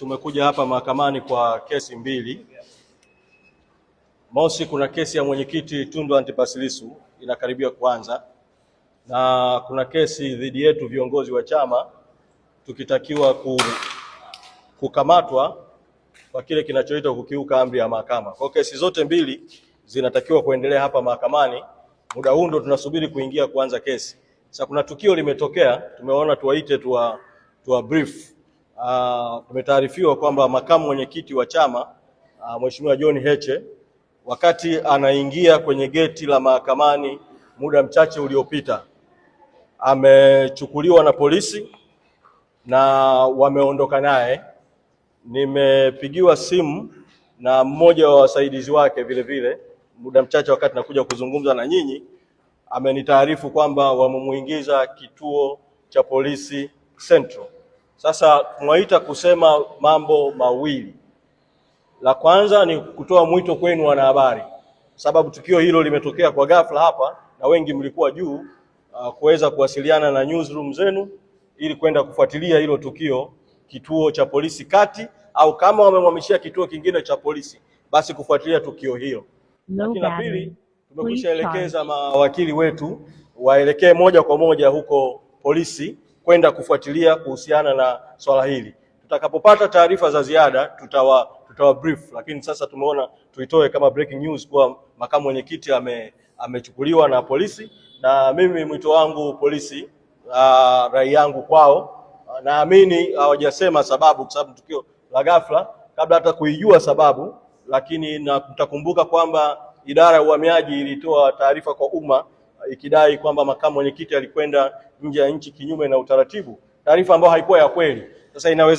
Tumekuja hapa mahakamani kwa kesi mbili. Mosi, kuna kesi ya mwenyekiti Tundu Antipas Lissu inakaribia kuanza, na kuna kesi dhidi yetu viongozi wa chama tukitakiwa ku, kukamatwa kwa kile kinachoitwa kukiuka amri ya mahakama. Kwa kesi zote mbili zinatakiwa kuendelea hapa mahakamani, muda huu ndo tunasubiri kuingia kuanza kesi. Sasa kuna tukio limetokea, tumeona tuwaite tuwa, tuwa brief Tumetaarifiwa ah, kwamba makamu mwenyekiti wa chama ah, Mheshimiwa John Heche wakati anaingia kwenye geti la mahakamani muda mchache uliopita amechukuliwa na polisi na wameondoka naye. Nimepigiwa simu na mmoja wa wasaidizi wake vile vile muda mchache wakati nakuja kuzungumza na nyinyi, amenitaarifu kwamba wamemuingiza kituo cha polisi Central. Sasa tunaita kusema mambo mawili. La kwanza ni kutoa mwito kwenu wanahabari, sababu tukio hilo limetokea kwa ghafla hapa na wengi mlikuwa juu uh, kuweza kuwasiliana na newsroom zenu ili kwenda kufuatilia hilo tukio kituo cha polisi kati, au kama wamemhamishia kituo kingine cha polisi, basi kufuatilia tukio hilo. Lakini la pili, tumekwishaelekeza mawakili wetu waelekee moja kwa moja huko polisi kwenda kufuatilia kuhusiana na swala hili. Tutakapopata taarifa za ziada tutawa, tutawa brief, lakini sasa tumeona tuitoe kama breaking news kuwa makamu mwenyekiti ame, amechukuliwa na polisi, na mimi mwito wangu polisi, uh, rai yangu kwao, uh, naamini hawajasema uh, sababu kwa sababu tukio la ghafla kabla hata kuijua sababu, lakini na kwamba idara ya uhamiaji ilitoa taarifa kwa umma ikidai kwamba makamu mwenyekiti alikwenda nje ya nchi kinyume na utaratibu, taarifa ambayo haikuwa ya kweli. Sasa inaweza